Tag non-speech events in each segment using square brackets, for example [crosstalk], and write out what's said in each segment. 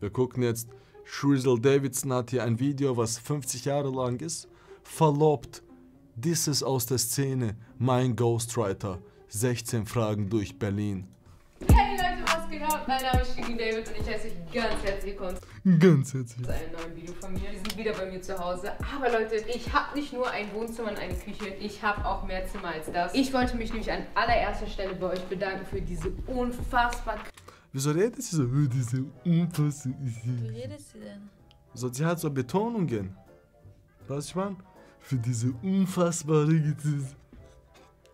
Wir gucken jetzt, Shrizzle Davidson hat hier ein Video, was 50 Jahre lang ist. Verlobt, Disses aus der Szene, mein Ghostwriter. 16 Fragen durch Berlin. Hey Leute, was geht ab? Mein Name ist Shiggy David und ich heiße euch ganz herzlich willkommen. Ganz herzlich. Zu einem neuen Video von mir. Wir sind wieder bei mir zu Hause. Aber Leute, ich habe nicht nur ein Wohnzimmer und eine Küche, ich habe auch mehr Zimmer als das. Ich wollte mich nämlich an allererster Stelle bei euch bedanken für diese unfassbar Wieso redet sie so? Diese unpassend. Wie redet sie denn? So, sie hat so Betonungen. Weißt du, ich meine? Für diese unfassbare gibt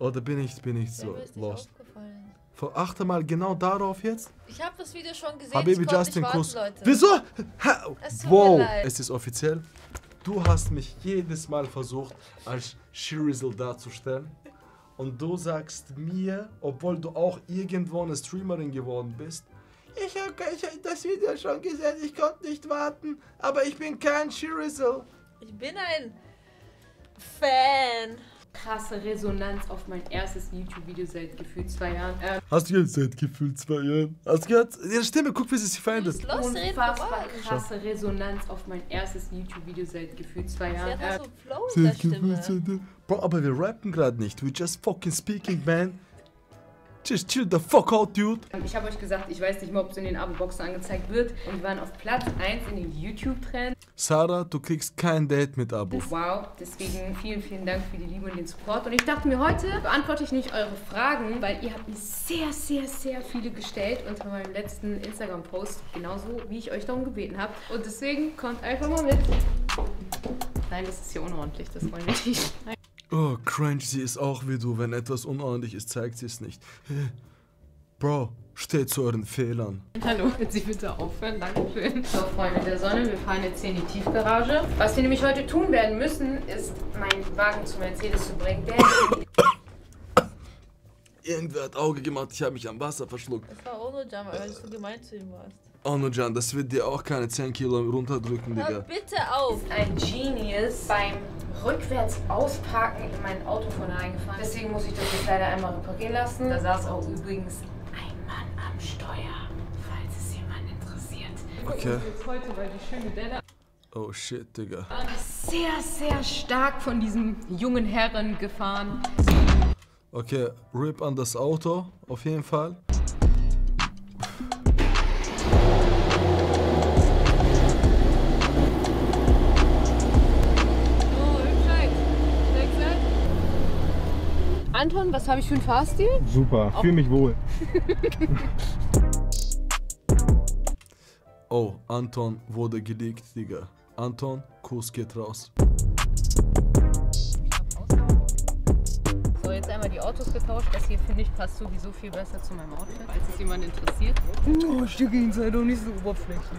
Oder bin ich, bin ich so lost? Vor achte Mal genau darauf jetzt? Ich habe das Video schon gesehen. Habibi ich Justin Kuss. Wieso? Ha es wow, es ist offiziell. Du hast mich jedes Mal versucht, als Shirizel darzustellen. Und du sagst mir, obwohl du auch irgendwo eine Streamerin geworden bist, ich habe das Video schon gesehen, ich konnte nicht warten, aber ich bin kein Shirizzle. Ich bin ein Fan. Krasse Resonanz auf mein erstes YouTube-Video seit gefühlt zwei Jahren. Ähm Hast du jetzt seit gefühlt zwei Jahren? Hast du gehört? Ihre Stimme, guck, wie sie sich verändert. Unfassbar krasse Resonanz auf mein erstes YouTube-Video seit gefühlt zwei Jahren. Sie hat ähm, so Flow in der Stimme. Bro, aber wir rappen gerade nicht. We're just fucking speaking, man. Just chill the fuck out, dude. Ähm, ich habe euch gesagt, ich weiß nicht mal, ob es in den Abo-Boxen angezeigt wird. Und wir waren auf Platz 1 in den YouTube-Trends. Sarah, du kriegst kein Date mit Abo. Wow, deswegen vielen, vielen Dank für die Liebe und den Support. Und ich dachte mir, heute beantworte ich nicht eure Fragen, weil ihr habt mir sehr, sehr, sehr viele gestellt unter meinem letzten Instagram-Post. Genauso, wie ich euch darum gebeten habe. Und deswegen kommt einfach mal mit. Nein, das ist hier unordentlich, das wollen wir nicht. Oh, cringe, sie ist auch wie du. Wenn etwas unordentlich ist, zeigt sie es nicht. Bro, steht zu euren Fehlern. Hallo, können Sie bitte aufhören? Dankeschön. So, Freunde der Sonne, wir fahren jetzt hier in die Tiefgarage. Was wir nämlich heute tun werden müssen, ist, meinen Wagen zu Mercedes zu bringen. [coughs] Irgendwer hat Auge gemacht, ich habe mich am Wasser verschluckt. Das war ohne Jam, weil du so gemein zu ihm warst. Onojan, das wird dir auch keine 10 Kilo runterdrücken, Digga. Hör bitte auf! Ein Genius beim rückwärts ausparken in mein Auto vorne reingefahren. Deswegen muss ich das jetzt leider einmal reparieren lassen. Da saß auch übrigens ein Mann am Steuer, falls es jemand interessiert. Okay. Heute, weil die schöne Delle Oh shit, Digga. Sehr, sehr stark von diesem jungen Herren gefahren. Okay, RIP an das Auto, auf jeden Fall. Anton, was habe ich für einen Fahrstil? Super, fühle mich wohl. [laughs] oh, Anton wurde gelegt, Digga. Anton, Kurs geht raus. So, jetzt einmal die Autos getauscht. Das hier, finde ich, passt sowieso viel besser zu meinem Outfit, als es jemand interessiert. Oh, Stücke Insider, nicht so oberflächlich.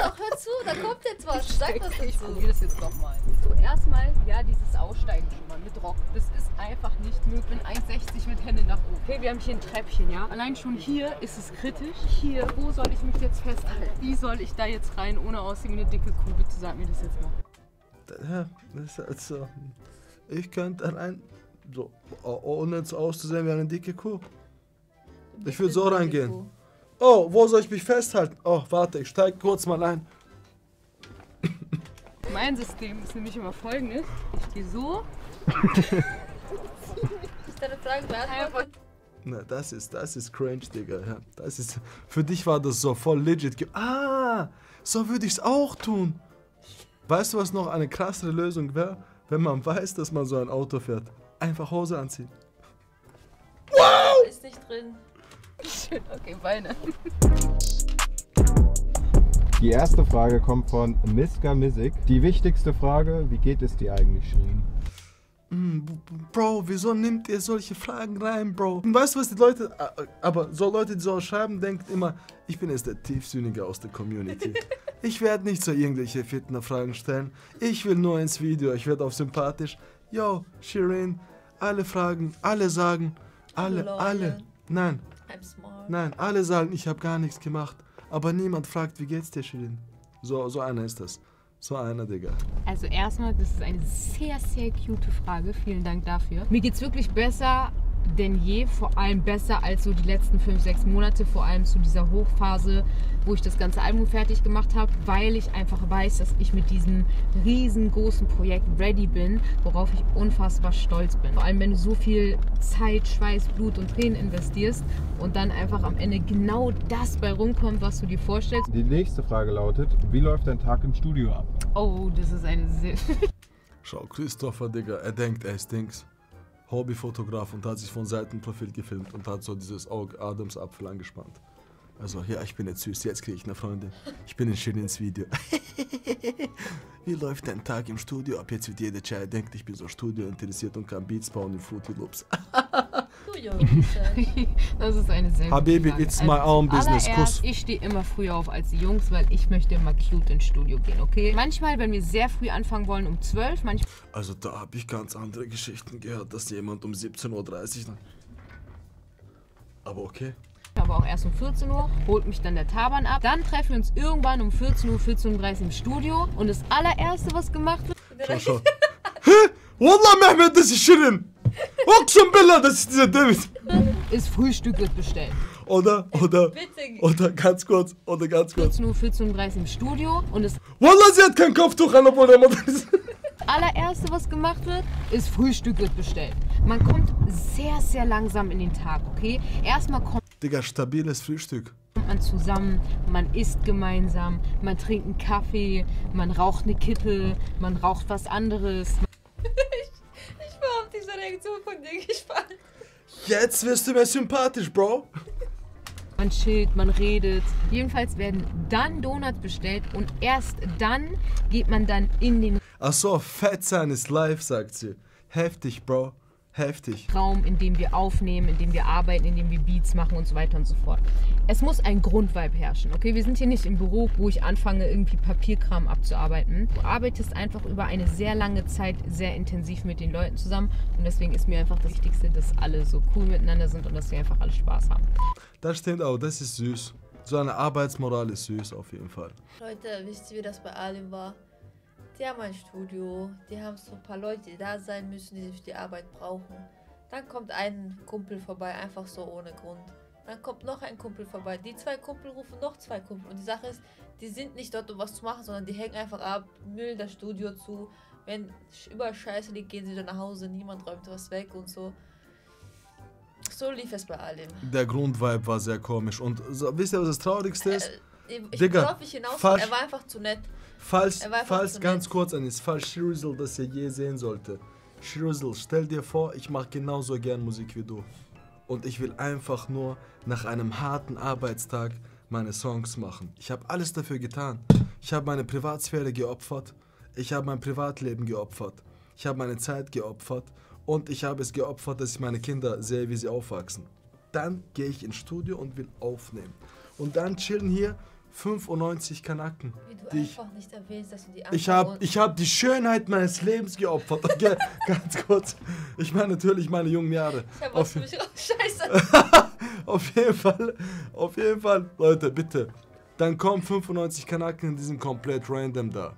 hör zu, da kommt jetzt was. Sag was dazu. Ich probiere das jetzt nochmal. So, erstmal, ja, dieses Aussteigen schon mal mit Rock. Das ist einfach nicht möglich. 1,60 mit Hände nach oben. Okay, wir haben hier ein Treppchen, ja. Allein schon hier ist es kritisch. Hier, wo soll ich mich jetzt festhalten? Wie soll ich da jetzt rein, ohne aussehen wie eine dicke Kuh? Bitte sag mir das jetzt mal. Ja, ist halt so. Ähm, ich könnte rein, so, ohne jetzt auszusehen wie eine dicke Kuh. Ich würde so reingehen. Oh, wo soll ich mich festhalten? Oh, warte, ich steige kurz mal ein. Mein System ist nämlich immer folgendes. Ich gehe so. ich deine Fragen Na, das ist, das ist cringe, Digga. Ja, das ist, für dich war das so voll legit. Ah, so würde ich es auch tun. Weißt du, was noch eine krassere Lösung wäre? Wenn man weiß, dass man so ein Auto fährt. Einfach Hose anziehen. Wow! Ist nicht drin schön. Okay, Beine. Die erste Frage kommt von Miska Misik. Die wichtigste Frage, wie geht es dir eigentlich, Shirin? Mm, Bro, wieso nimmt ihr solche Fragen rein, Bro? Weißt du, was die Leute, aber so Leute, die so schreiben, denken immer, ich bin jetzt der Tiefsühnige aus der Community. [laughs] ich werde nicht so irgendwelche Fitner-Fragen stellen. Ich will nur ins Video, ich werde auf sympathisch. Yo, Shirin, alle Fragen, alle sagen, alle, alle. Nein, I'm smart. Nein, alle sagen, ich habe gar nichts gemacht. Aber niemand fragt, wie geht's dir, Shirin? So, so einer ist das. So einer, Digga. Also erstmal, das ist eine sehr, sehr cute Frage. Vielen Dank dafür. Mir geht's wirklich besser denn je, vor allem besser als so die letzten fünf, sechs Monate, vor allem zu dieser Hochphase, wo ich das ganze Album fertig gemacht habe, weil ich einfach weiß, dass ich mit diesem riesengroßen Projekt ready bin, worauf ich unfassbar stolz bin. Vor allem, wenn du so viel Zeit, Schweiß, Blut und Tränen investierst und dann einfach am Ende genau das bei rumkommt, was du dir vorstellst. Die nächste Frage lautet, wie läuft dein Tag im Studio ab? Oh, das ist eine sehr... Schau, Christopher, Digga, er denkt, er stinks. Hobbyfotograf und hat sich von Seitenprofil gefilmt und hat so dieses Auge Adams Apfel angespannt. Also, ja, ich bin jetzt süß, jetzt kriege ich eine Freundin. Ich bin ein schön ins Video. [laughs] Wie läuft dein Tag im Studio? Ab jetzt wird jeder Chai denkt, ich bin so studio interessiert und kann Beats bauen in Fruity Loops. [laughs] Studio. [laughs] das ist eine sehr Habibi, Frage. it's my also own also, business. Kuss. Ich stehe immer früher auf als die Jungs, weil ich möchte immer cute ins Studio gehen, okay? Manchmal, wenn wir sehr früh anfangen wollen, um 12, manchmal... Also da habe ich ganz andere Geschichten gehört, dass jemand um 17.30 Uhr... Aber okay aber auch erst um 14 Uhr, holt mich dann der Taban ab. Dann treffen wir uns irgendwann um 14 Uhr, 14.30 Uhr im Studio und das allererste, was gemacht wird... Schau, schau. Wallah, Mehmet, das ist Shirin! Guck schon, Billa, das ist dieser David. Ist Frühstück wird bestellt. Oder, oder, oder ganz kurz, oder ganz kurz. 14 Uhr, im Studio und es... Wallah, sie hat kein Kopftuch an, obwohl der Mutter ist. allererste, was gemacht wird, ist Frühstück wird bestellt. Man kommt sehr, sehr langsam in den Tag, okay? Erstmal kommt... Digga, stabiles Frühstück man zusammen, man isst gemeinsam, man trinkt einen Kaffee, man raucht eine Kippe, man raucht was anderes direkt so von dir gespannt. Jetzt wirst du mir sympathisch, Bro. Man chillt, man redet. Jedenfalls werden dann Donuts bestellt und erst dann geht man dann in den... Ach so, fett sein ist live, sagt sie. Heftig, Bro. Heftig. Raum, in dem wir aufnehmen, in dem wir arbeiten, in dem wir Beats machen und so weiter und so fort. Es muss ein Grundvibe herrschen. Okay, wir sind hier nicht im Büro, wo ich anfange, irgendwie Papierkram abzuarbeiten. Du arbeitest einfach über eine sehr lange Zeit sehr intensiv mit den Leuten zusammen. Und deswegen ist mir einfach das Wichtigste, dass alle so cool miteinander sind und dass wir einfach alle Spaß haben. Das stimmt auch, das ist süß. So eine Arbeitsmoral ist süß auf jeden Fall. Leute, wisst ihr, wie das bei Ali war? Die haben ein Studio, die haben so ein paar Leute, die da sein müssen, die sich die Arbeit brauchen. Dann kommt ein Kumpel vorbei, einfach so ohne Grund. Dann kommt noch ein Kumpel vorbei. Die zwei Kumpel rufen noch zwei Kumpel. Und die Sache ist, die sind nicht dort, um was zu machen, sondern die hängen einfach ab, müllen das Studio zu. Wenn über Scheiße liegt, gehen sie dann nach Hause. Niemand räumt was weg und so. So lief es bei allem. Der Grundvibe war sehr komisch. Und so, wisst ihr, was das Traurigste ist? Äh, ich Digga, ich hinaus er war einfach zu nett. Falls, falls ganz kurz an ist, falls Shrizzle das ihr je sehen sollte. Shrizzle, stell dir vor, ich mache genauso gern Musik wie du. Und ich will einfach nur nach einem harten Arbeitstag meine Songs machen. Ich habe alles dafür getan. Ich habe meine Privatsphäre geopfert. Ich habe mein Privatleben geopfert. Ich habe meine Zeit geopfert. Und ich habe es geopfert, dass ich meine Kinder sehe, wie sie aufwachsen. Dann gehe ich ins Studio und will aufnehmen. Und dann chillen hier 95 Kanaken. Wie du einfach ich, nicht erwähnst, dass du die Ich habe ich hab die Schönheit meines Lebens geopfert. Okay, [laughs] ganz kurz. Ich meine natürlich meine jungen Jahre. Ich hab auf, mich raus. Scheiße. [laughs] auf jeden Fall, auf jeden Fall, Leute, bitte. Dann kommen 95 Kanaken und die sind komplett random da.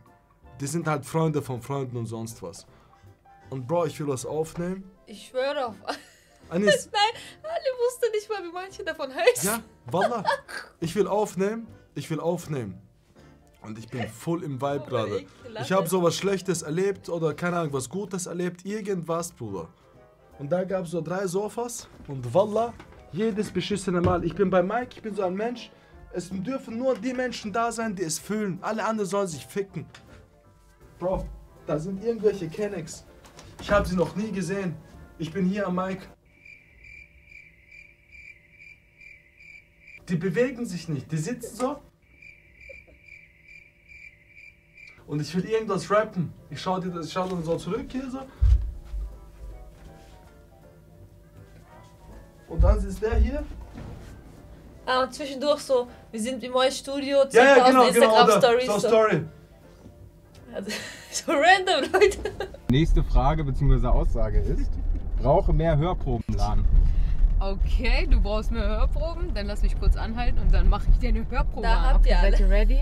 Die sind halt Freunde von Freunden und sonst was. Und Bro, ich will das aufnehmen. Ich schwöre auf. [laughs] Anis. Nein, alle wussten nicht mal, wie manche davon heißen. Ja, Wallah. Ich will aufnehmen ich will aufnehmen. Und ich bin voll im Vibe [laughs] gerade. Ich habe sowas Schlechtes erlebt oder keine Ahnung, was Gutes erlebt. Irgendwas, Bruder. Und da gab es so drei Sofas und voila, jedes beschissene Mal. Ich bin bei Mike, ich bin so ein Mensch. Es dürfen nur die Menschen da sein, die es fühlen. Alle anderen sollen sich ficken. Bro, da sind irgendwelche Kennex. Ich habe sie noch nie gesehen. Ich bin hier am Mike. Die bewegen sich nicht. Die sitzen so. Und ich will irgendwas rappen. Ich schaue dir das, ich schau dann so zurück hier so. Und dann ist der hier. Ah, und zwischendurch so, wir sind im neuen Studio, 10.000 ja, ja, genau, genau Instagram-Stories. Genau, so, so Story. Also, [laughs] so random, Leute. Nächste Frage bzw. Aussage ist, brauche mehr Hörprobenladen okay, du brauchst mehr Hörproben, dann lass mich kurz anhalten und dann mache ich dir eine Hörprobe. Da an. habt ihr alle. Seid ihr ready?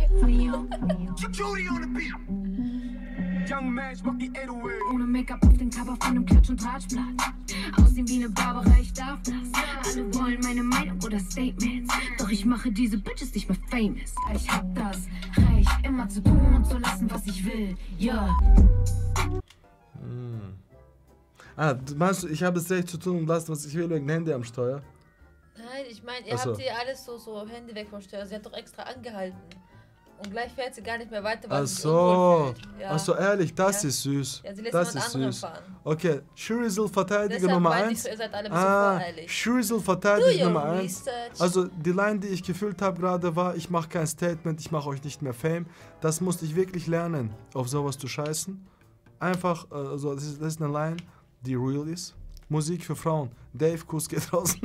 Young man, mach die 808. Ohne Make-up auf dem Cover von einem Klatsch- und Tratschblatt. Aussehen wie eine Barbara, ich darf das. Alle wollen meine Meinung oder Statements. Doch ich mache diese Bitches nicht mehr famous. Ich hab das Recht, immer zu tun und zu lassen, was ich will. Ja. Yeah. Mm. Ah, meinst du ich habe es recht zu tun und lassen, was ich will, wegen Handy am Steuer? Nein, ich meine, ihr so. habt ihr alles so, so Handy weg vom Steuer. Sie hat doch extra angehalten. Und gleich fährt sie gar nicht mehr weiter, weil Ach sie so. Ja. Ach so, ehrlich, das ja. ist süß. Ja, sie lässt das ist süß. Fahren. Okay, Shurizel Verteidiger Deshalb Nummer 1. Ihr seid alle ein ah, Shurizel Verteidiger Nummer 1. Also, die Line, die ich gefühlt habe gerade war, ich mache kein Statement, ich mache euch nicht mehr Fame. Das musste ich wirklich lernen, auf sowas zu scheißen. Einfach, äh, also, das ist, das ist eine Line die real ist. Musik für Frauen. Dave, Kuss geht raus.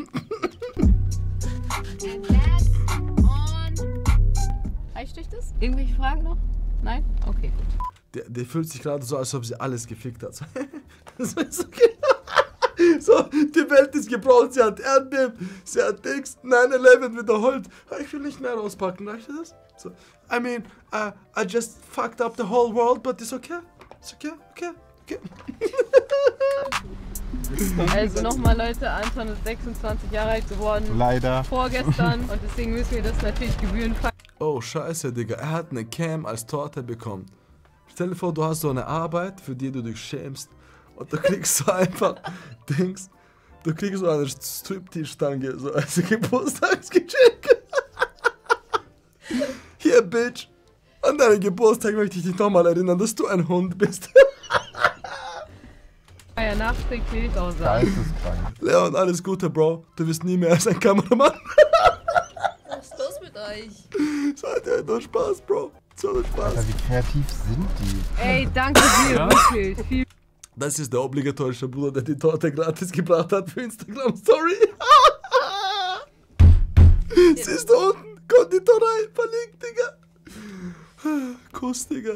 Reicht euch das? Irgendwelche Fragen noch? Nein? Okay, gut. Der, der fühlt sich gerade so, als ob sie alles gefickt hat. [laughs] Das ist okay. so, die Welt ist gebrochen, sie hat Erdbeben, sie hat Dings, 9-11 wiederholt. Ich will nicht mehr rauspacken, reicht das? So, I mean, uh, I just fucked up the whole world, but it's okay. It's okay, okay. Also nochmal Leute, Anton ist 26 Jahre alt geworden. Leider. Vorgestern und deswegen müssen wir das natürlich gebührenfrei. Oh scheiße, Digga, er hat eine Cam als Torte bekommen. Stell dir vor, du hast so eine Arbeit, für die du dich schämst und du kriegst so einfach [laughs] Dings. Du kriegst so eine Striptease-Stange, so als Geburtstagsgeschenk. [laughs] Hier, Bitch, an deinen Geburtstag möchte ich dich nochmal erinnern, dass du ein Hund bist. [laughs] ja nachträglich auch sagen. Geisteskrank. Leon, alles Gute, Bro. Du wirst nie mehr als ein Kameramann. Was ist los mit euch? Es hat ja nur Spaß, Bro. Es hat nur Spaß. Alter, wie kreativ sind die? Ey, danke dir, Das ist der obligatorische Bruder, der die Torte gratis gebracht hat für Instagram Sorry. Siehst du unten? Konditorei verlinkt, Digga. Kuss, Digga.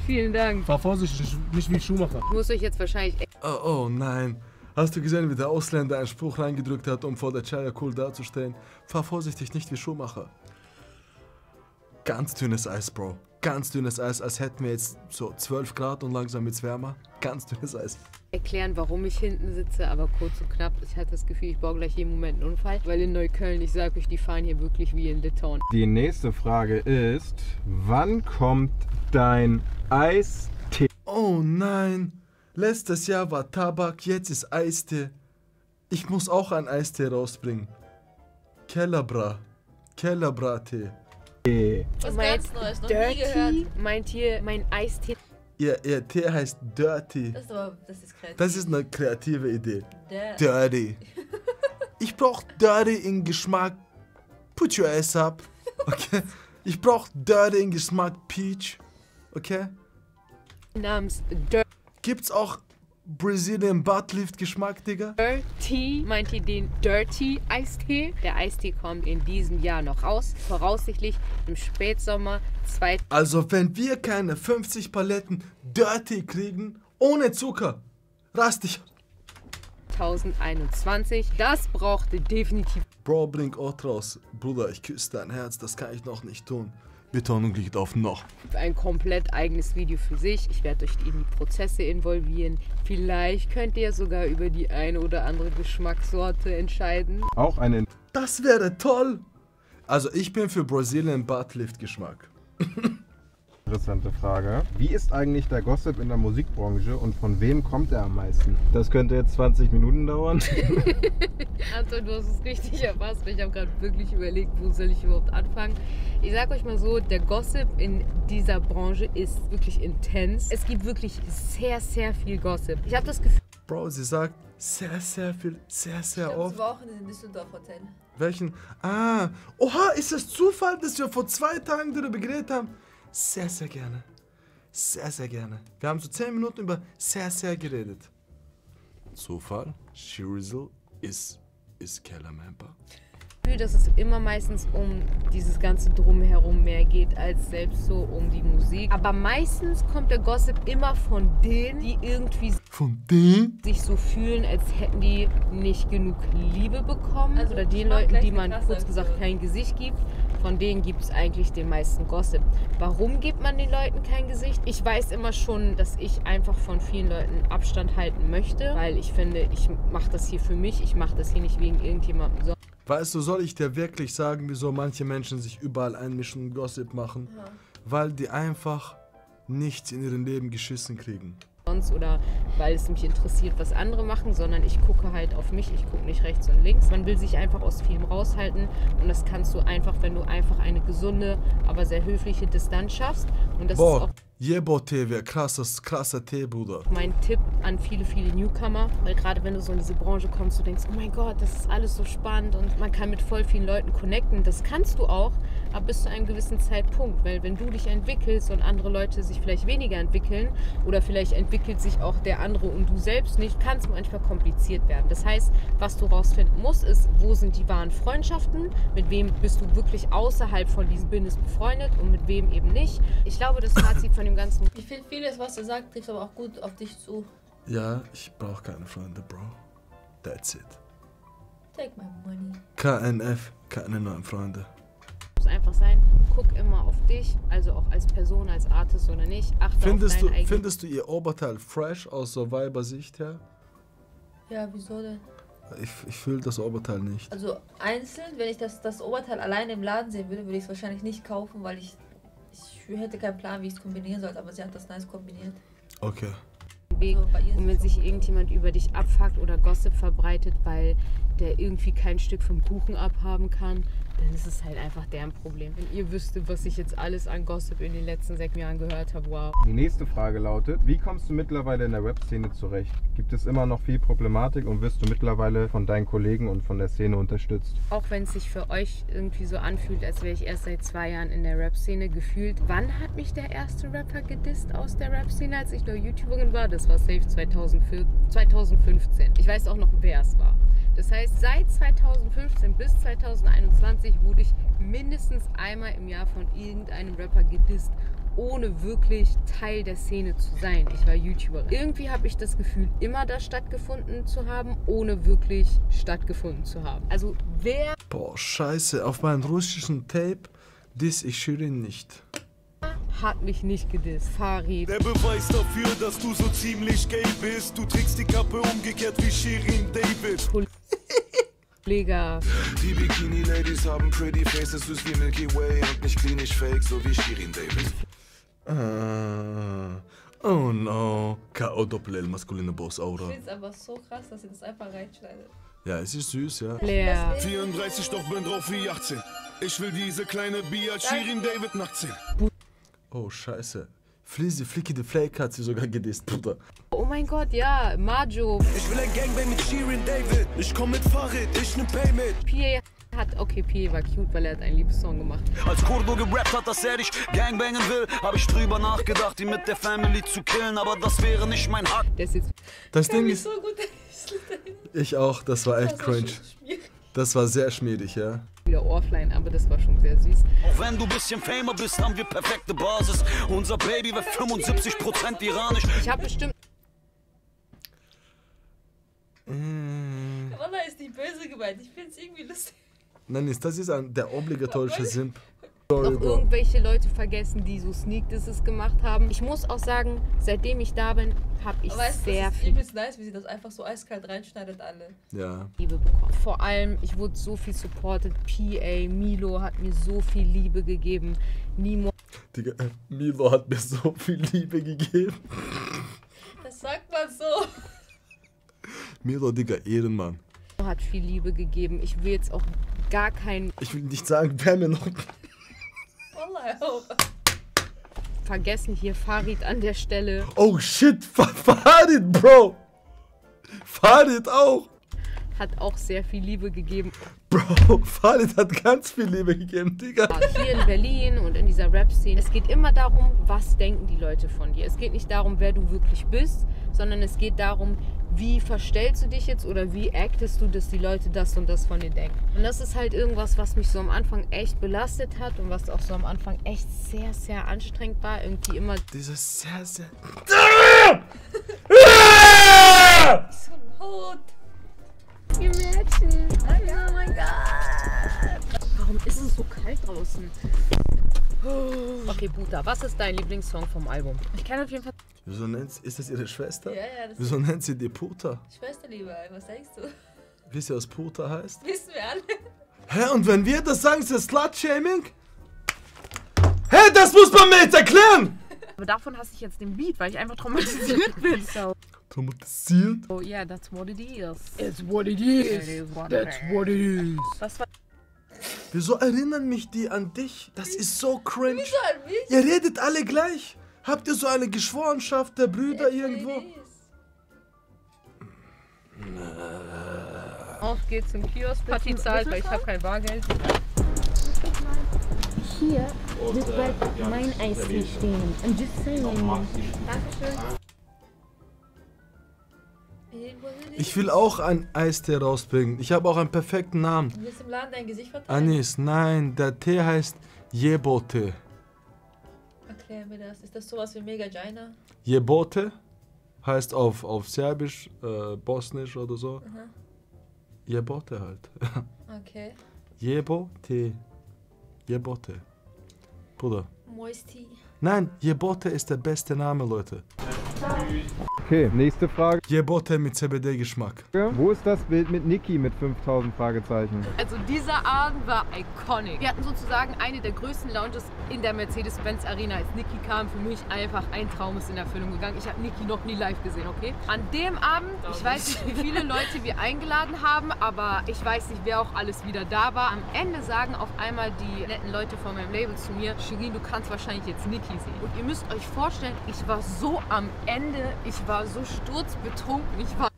Vielen Dank. Fahr vorsichtig, nicht wie Schuhmacher. Ich muss euch jetzt wahrscheinlich... Oh, oh nein. Hast du gesehen, wie der Ausländer einen Spruch reingedrückt hat, um vor der Chaya cool dazustehen? Fahr vorsichtig, nicht wie Schuhmacher. Ganz dünnes Eis, Bro ganz dünnes Eis, als hätten wir jetzt so 12 Grad und langsam wird es wärmer. Ganz dünnes Eis. Erklären, warum ich hinten sitze, aber kurz und knapp. Ich hatte das Gefühl, ich baue gleich jeden Moment einen Unfall, weil in Neukölln, ich sage euch, die fahren hier wirklich wie in Litauen. Die nächste Frage ist, wann kommt dein Eistee? Oh nein, letztes Jahr war Tabak, jetzt ist Eistee. Ich muss auch einen Eistee rausbringen. Kellerbra, Kellerbra-Tee. Was mein ganz Neues, noch Dirty, nie gehört. Mein Tier, mein Eistee. Ihr, ihr Tee heißt Dirty. Das ist aber, das ist kreativ. Das ist eine kreative Idee. Dirty. dirty. [laughs] Ich brauch Dirty in Geschmack. Put your ass up. Okay. Ich brauch Dirty in Geschmack Peach. Okay. Namens Dirty. Gibt's auch Brazilian Buttlift Geschmack, Digga. Dirty meint ihr den Dirty Eistee? Der Eistee kommt in diesem Jahr noch raus, voraussichtlich im Spätsommer 2. Also wenn wir keine 50 Paletten Dirty kriegen, ohne Zucker, rast ich. 2021, das brauchte definitiv. Bro, bring Ort raus. Bruder, ich küsse dein Herz, das kann ich noch nicht tun. Betonung liegt auf noch. Ein komplett eigenes Video für sich. Ich werde euch in die Prozesse involvieren. Vielleicht könnt ihr sogar über die eine oder andere Geschmackssorte entscheiden. Auch einen. Das wäre toll! Also ich bin für Brazilian Buttlift Geschmack. [laughs] interessante Frage. Wie ist eigentlich der Gossip in der Musikbranche und von wem kommt er am meisten? Das könnte jetzt 20 Minuten dauern. [laughs] Anton, du hast es richtig erfasst. Ich habe gerade wirklich überlegt, wo soll ich überhaupt anfangen. Ich sage euch mal so, der Gossip in dieser Branche ist wirklich intens. Es gibt wirklich sehr, sehr viel Gossip. Ich habe das Gefühl, Bro, sie sagt sehr, sehr viel, sehr, sehr ich oft. Ich war auch in diesem Düsseldorf Hotel. Welchen? Ah, oha, ist das Zufall, dass wir vor zwei Tagen darüber geredet haben? Sehr, sehr gerne. Sehr, sehr gerne. Wir haben so 10 Minuten über sehr, sehr geredet. Zufall, Shirizel ist, is Keller Member. Gefühl, dass es immer meistens um dieses ganze Drumherum mehr geht, als selbst so um die Musik. Aber meistens kommt der Gossip immer von denen, die irgendwie von denen? sich so fühlen, als hätten die nicht genug Liebe bekommen. Also oder den Leuten, die man Klasse kurz gesagt kein Gesicht gibt, von denen gibt es eigentlich den meisten Gossip. Warum gibt man den Leuten kein Gesicht? Ich weiß immer schon, dass ich einfach von vielen Leuten Abstand halten möchte, weil ich finde, ich mache das hier für mich, ich mache das hier nicht wegen irgendjemandem. Weißt du, soll ich dir wirklich sagen, wieso manche Menschen sich überall einmischen und Gossip machen? Ja. Weil die einfach nichts in ihrem Leben geschissen kriegen sonst oder weil es mich interessiert, was andere machen, sondern ich gucke halt auf mich, ich gucke nicht rechts und links. Man will sich einfach aus vielem raushalten und das kannst du einfach, wenn du einfach eine gesunde, aber sehr höfliche Distanz schaffst. Und das Boah. ist auch Jebo-Tee wäre krasses, krasser Tee, Bruder. Mein Tipp an viele, viele Newcomer, weil gerade wenn du so in diese Branche kommst, du denkst, oh mein Gott, das ist alles so spannend und man kann mit voll vielen Leuten connecten. Das kannst du auch, aber bis zu einem gewissen Zeitpunkt. Weil wenn du dich entwickelst und andere Leute sich vielleicht weniger entwickeln oder vielleicht entwickelt sich auch der andere und du selbst nicht, kann es manchmal kompliziert werden. Das heißt, was du rausfinden musst, ist, wo sind die wahren Freundschaften, mit wem bist du wirklich außerhalb von diesem Bündnis befreundet und mit wem eben nicht. Ich glaube, das Fazit von dem Ganzen. Ich finde vieles, was er sagt, trifft aber auch gut auf dich zu. Ja, ich brauche keine Freunde, Bro. That's it. Take my money. KNF, keine neuen Freunde es einfach sein, guck immer auf dich, also auch als Person, als Artist oder nicht. Achte findest, auf du, findest du ihr Oberteil fresh aus Survivor-Sicht her? Ja, wieso denn? Ich, ich fühle das Oberteil nicht. Also einzeln, wenn ich das, das Oberteil alleine im Laden sehen würde, würde ich es wahrscheinlich nicht kaufen, weil ich, ich hätte keinen Plan, wie ich es kombinieren sollte, aber sie hat das nice kombiniert. Okay. Und wenn sich irgendjemand über dich abfuckt oder Gossip verbreitet, weil der irgendwie kein Stück vom Kuchen abhaben kann, dann ist es halt einfach deren Problem. Wenn ihr wüsstet, was ich jetzt alles an Gossip in den letzten sechs Jahren gehört habe, wow. Die nächste Frage lautet, wie kommst du mittlerweile in der Rap-Szene zurecht? Gibt es immer noch viel Problematik und wirst du mittlerweile von deinen Kollegen und von der Szene unterstützt? Auch wenn es sich für euch irgendwie so anfühlt, als wäre ich erst seit zwei Jahren in der Rap-Szene gefühlt. Wann hat mich der erste Rapper gedisst aus der Rap-Szene, als ich nur YouTuberin war? Das war safe 2015. Ich weiß auch noch, wer es war. Das heißt, seit 2015 bis 2021 wurde ich mindestens einmal im Jahr von irgendeinem Rapper gedisst, ohne wirklich Teil der Szene zu sein. Ich war YouTuberin. Irgendwie habe ich das Gefühl, immer da stattgefunden zu haben, ohne wirklich stattgefunden zu haben. Also wer... Boah, scheiße, auf meinem russischen Tape diss ich Shirin nicht hat mich nicht gedisst. Farid. Der Beweis dafür, dass du so ziemlich gay bist. Du trägst die Kappe umgekehrt wie Shirin David. Pol Pfleger. Die Bikini-Ladies haben pretty faces, süß wie Milky Way und nicht klinisch fake, so wie Shirin Davis. Ah, oh no. K.O. Doppel-L, maskuline Boss-Aura. Ich find's aber so krass, dass sie das einfach reinschneidet. Ja, es ist süß, ja. Leer. 34, doch bin drauf wie 18. Ich will diese kleine Bier, Shirin David nachziehen. Oh, scheiße. Flizzy, Flicky the Flake hat sie sogar gedisst, Bruder. Oh mein Gott, ja, Majo. Ich will ein Gangbang mit Shirin David. Ich komm mit Farid, ich ne Pay mit. Pie hat, okay, Pie war cute, weil er hat einen Liebessong gemacht. Als Kurdo gerappt hat, dass er dich gangbangen will, habe ich drüber nachgedacht, ihn mit der Family zu killen, aber das wäre nicht mein Hack. Das, das Ding ist... So gut, ich auch, das war echt das cringe. Schwierig. Das war sehr schmiedig, ja. Wieder offline, aber das war schon sehr süß. Auch wenn du ein bisschen famer bist, haben wir perfekte Basis. Unser Baby wird 75% iranisch. Ich habe bestimmt. Mm. Wallah ist nicht böse gemeint. Ich find's irgendwie lustig. Nein, ist das ist ein, der obligatorische Simp noch irgendwelche Leute vergessen, die so Sneak Disses gemacht haben. Ich muss auch sagen, seitdem ich da bin, habe ich weißt, sehr das ist viel. Übelst nice, wie sie das einfach so eiskalt reinschneidet alle. Ja. Liebe bekommen. Vor allem, ich wurde so viel supported. PA, Milo hat mir so viel Liebe gegeben. Nimo. Digga, äh, Milo hat mir so viel Liebe gegeben. Das sagt man so. Milo, Digga, Ehrenmann. Hat viel Liebe gegeben. Ich will jetzt auch gar keinen. Ich will nicht sagen, wer mir noch. Vergessen hier Farid an der Stelle. Oh shit, Farid, Bro. Farid auch. Hat auch sehr viel Liebe gegeben. Bro, Farid hat ganz viel Liebe gegeben, Digga. Hier in Berlin und in dieser Rap-Szene. Es geht immer darum, was denken die Leute von dir. Es geht nicht darum, wer du wirklich bist, sondern es geht darum, wie verstellst du dich jetzt oder wie actest du, dass die Leute das und das von dir denken. Und das ist halt irgendwas, was mich so am Anfang echt belastet hat und was auch so am Anfang echt sehr, sehr anstrengend war. Irgendwie immer. Dieses sehr, sehr. so laut. Ihr Mädchen. Oh mein Gott. Warum ist es so kalt draußen? Okay, Buta, was ist dein Lieblingssong vom Album? Ich kenne auf jeden Fall. Wieso nennt sie, ist das ihre Schwester? Ja, ja. Das Wieso nennt sie die Puta? Schwesterliebe, was sagst du? Wisst ihr, was Puta heißt? Wissen wir alle. Hä, und wenn wir das sagen, ist das Slut-Shaming? Hä, das muss man mir jetzt erklären! Aber davon hasse ich jetzt den Beat, weil ich einfach traumatisiert bin. [laughs] Traumatisiert? Oh yeah, that's what it is. It's what it is. It is what That's what it is. Was war Wieso erinnern mich die an dich? Das ist so cringe. Wieso an mich? Ihr redet alle gleich. Habt ihr so eine Geschworenschaft der Brüder irgendwo? Auf geht's zum Kiosk, Patti zahlt, weil ich habe kein Bargeld. Hier wird bald mein Eis stehen. I'm just saying. Dankeschön. Ich will auch einen Eistee rausbringen. Ich habe auch einen perfekten Namen. Du willst im Laden dein Gesicht verteilen? Anis, nein, der Tee heißt Jebote. Erklär mir das. Ist das sowas wie Mega Jaina? Jebote heißt auf, auf Serbisch, äh, Bosnisch oder so. Aha. Jebote halt. [laughs] okay. Jebote. Jebote. Bruder. Moist Tee. Nein, Jebote ist der beste Name, Leute. Okay, nächste Frage. Jebote mit CBD-Geschmack. Wo ist das Bild mit Niki mit 5000 Fragezeichen? Also dieser Abend war iconic. Wir hatten sozusagen eine der größten Lounges in der Mercedes-Benz Arena. Als Niki kam, für mich einfach ein Traum ist in Erfüllung gegangen. Ich habe Niki noch nie live gesehen, okay? An dem Abend, ich weiß nicht, wie viele Leute wir eingeladen haben, aber ich weiß nicht, wer auch alles wieder da war. Am Ende sagen auf einmal die netten Leute von meinem Label zu mir, Shirin, du kannst wahrscheinlich jetzt Niki sehen. Und ihr müsst euch vorstellen, ich war so am Ende Ende, ich war so sturzbetrunken, ich war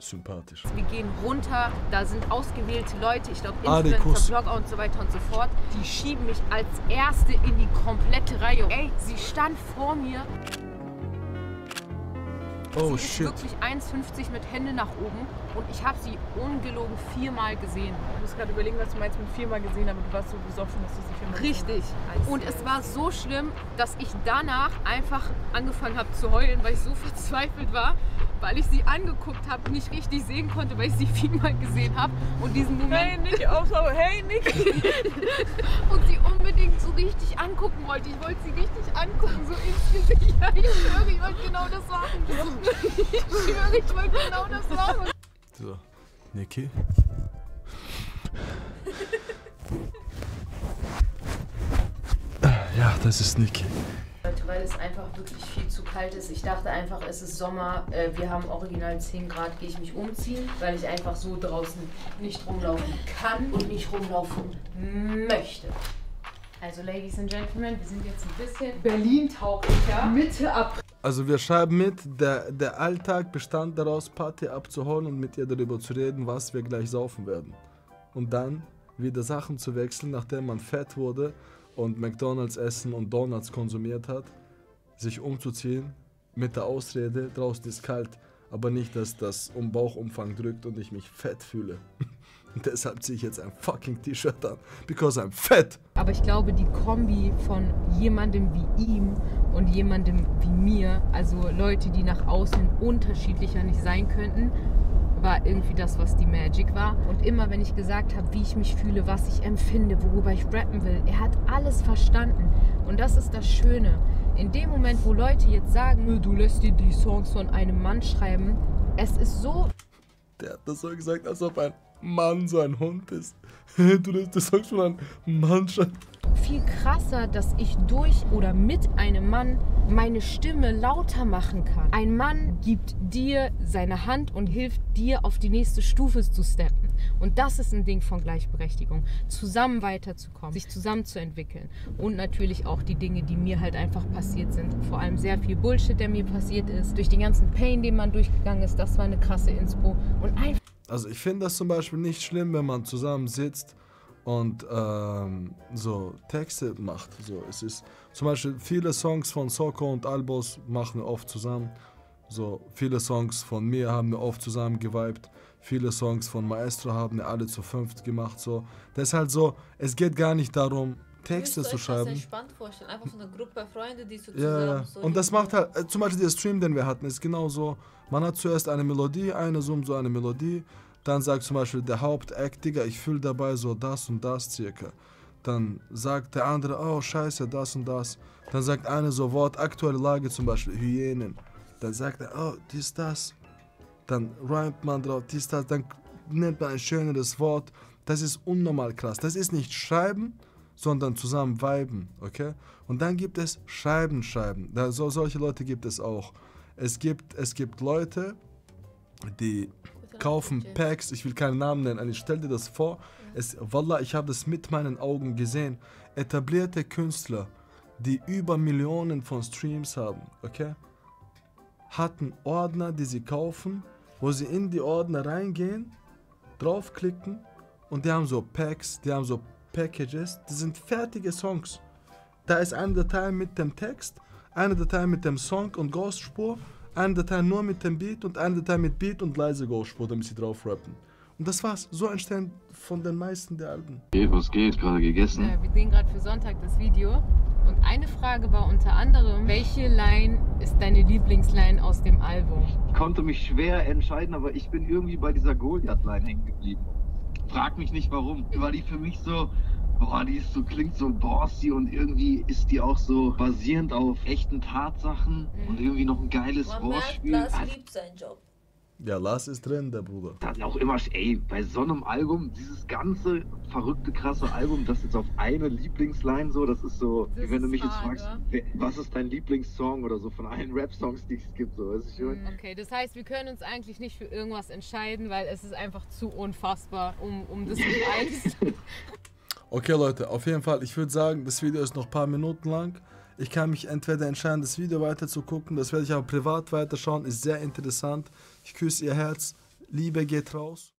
sympathisch. Wir gehen runter, da sind ausgewählte Leute, ich glaube ah, Influencer, Blogger und so weiter und so fort. Die schieben mich als Erste in die komplette Reihe. Ey, sie stand vor mir. Oh, sie shit. ist wirklich 1,50 mit Hände nach oben und ich habe sie ungelogen viermal gesehen. Ich muss gerade überlegen, was du meinst mit viermal gesehen, aber du warst so besoffen, dass du sie viermal Richtig. Gesehen und es war so schlimm, dass ich danach einfach angefangen habe zu heulen, weil ich so [laughs] verzweifelt war, weil ich sie angeguckt habe, nicht richtig sehen konnte, weil ich sie [laughs] viermal gesehen habe und diesen Moment... Hey nicht aufschauen, hey nicht! [laughs] und sie unbedingt so richtig angucken wollte. Ich wollte sie richtig angucken, so ins Gesicht. Ja, ich schwöre, ich wollte genau das machen ich schwöre, ich wollte genau das machen. So, Niki. ja, das ist Niki. Weil es einfach wirklich viel zu kalt ist. Ich dachte einfach, es ist Sommer, äh, wir haben original 10 Grad, gehe ich mich umziehen, weil ich einfach so draußen nicht rumlaufen kann und nicht rumlaufen möchte. Also, Ladies and Gentlemen, wir sind jetzt ein bisschen Berlin-tauglicher. Mitte April. Also wir schreiben mit, der, der Alltag bestand daraus, Party abzuholen und mit ihr darüber zu reden, was wir gleich saufen werden. Und dann wieder Sachen zu wechseln, nachdem man fett wurde und McDonalds essen und Donuts konsumiert hat, sich umzuziehen mit der Ausrede, draußen ist kalt, aber nicht, dass das um Bauchumfang drückt und ich mich fett fühle. Und [laughs] deshalb ziehe ich jetzt ein fucking T-Shirt an, because I'm fett. Aber ich glaube, die Kombi von jemandem wie ihm und jemandem wie mir, also Leute, die nach außen unterschiedlicher nicht sein könnten, war irgendwie das, was die Magic war. Und immer, wenn ich gesagt habe, wie ich mich fühle, was ich empfinde, worüber ich rappen will, er hat alles verstanden. Und das ist das Schöne. In dem Moment, wo Leute jetzt sagen, du lässt dir die Songs von einem Mann schreiben, es ist so. Der hat das so gesagt, als ob ein Mann so ein Hund ist. [laughs] Du lässt die Songs von einem Mann schreiben viel krasser, dass ich durch oder mit einem Mann meine Stimme lauter machen kann. Ein Mann gibt dir seine Hand und hilft dir auf die nächste Stufe zu steppen. Und das ist ein Ding von Gleichberechtigung. Zusammen weiterzukommen, sich zusammenzuentwickeln. Und natürlich auch die Dinge, die mir halt einfach passiert sind. Vor allem sehr viel Bullshit, der mir passiert ist. Durch den ganzen Pain, den man durchgegangen ist. Das war eine krasse Inspo. Und einfach. Also ich finde das zum Beispiel nicht schlimm, wenn man zusammen sitzt und ähm, so Texte macht. So, es ist zum Beispiel viele Songs von Soko und Albos machen wir oft zusammen. So viele Songs von mir haben wir oft zusammen geweibt. Viele Songs von Maestro haben wir alle zu fünft gemacht. So, das ist halt so. Es geht gar nicht darum, Texte zu schreiben. Das entspannt vorstellen, einfach so eine Gruppe Freunde, die so zusammen. Ja, so und das macht halt. Äh, zum Beispiel der Stream, den wir hatten, ist genau so. Man hat zuerst eine Melodie, eine Zoom, so eine Melodie dann sagt zum Beispiel der Hauptact, Digga, ich fühle dabei so das und das circa. Dann sagt der andere, oh scheiße, das und das. Dann sagt einer so Wort, aktuelle Lage zum Beispiel, Hyänen. Dann sagt er, oh, dies, das. Dann rhymt man drauf, dies, das. Dann nennt man ein schöneres Wort. Das ist unnormal krass. Das ist nicht schreiben, sondern zusammen viben, okay? Und dann gibt es Schreiben, Schreiben. Da, so, solche Leute gibt es auch. Es gibt, es gibt Leute, die kaufen Packs, ich will keinen Namen nennen, also stell dir das vor, es, Wallah, ich habe das mit meinen Augen gesehen, etablierte Künstler, die über Millionen von Streams haben, okay, hatten Ordner, die sie kaufen, wo sie in die Ordner reingehen, draufklicken und die haben so Packs, die haben so Packages, die sind fertige Songs. Da ist eine Datei mit dem Text, eine Datei mit dem Song und Ghostspur einen Datei nur mit dem Beat und einen Datei mit Beat und leise Gospel, damit sie drauf rappen. Und das war's. So entstehen von den meisten der Alben. Hey, was geht? Gerade gegessen? Äh, wir sehen gerade für Sonntag das Video. Und eine Frage war unter anderem, welche Line ist deine Lieblingsline aus dem Album? Ich konnte mich schwer entscheiden, aber ich bin irgendwie bei dieser Goliath-Line hängen geblieben. Frag mich nicht warum, weil die für mich so Boah, die ist so, klingt so bossy und irgendwie ist die auch so basierend auf echten Tatsachen mhm. und irgendwie noch ein geiles Man Wortspiel. Merkt, Lars also liebt seinen Job. Ja, Lars ist drin, der Bruder. Dann auch immer, ey, bei so einem Album, dieses ganze verrückte, krasse Album, das jetzt auf eine Lieblingsline so, das ist so, das wie wenn du mich jetzt fragst, ne? wer, was ist dein Lieblingssong oder so von allen Rap-Songs, die es gibt, so, weißt du schon? Mhm. Okay, das heißt, wir können uns eigentlich nicht für irgendwas entscheiden, weil es ist einfach zu unfassbar, um, um das zu [laughs] eins Okay Leute, auf jeden Fall, ich würde sagen, das Video ist noch ein paar Minuten lang. Ich kann mich entweder entscheiden, das Video weiter zu gucken, das werde ich aber privat weiterschauen, ist sehr interessant. Ich küsse ihr Herz, Liebe geht raus.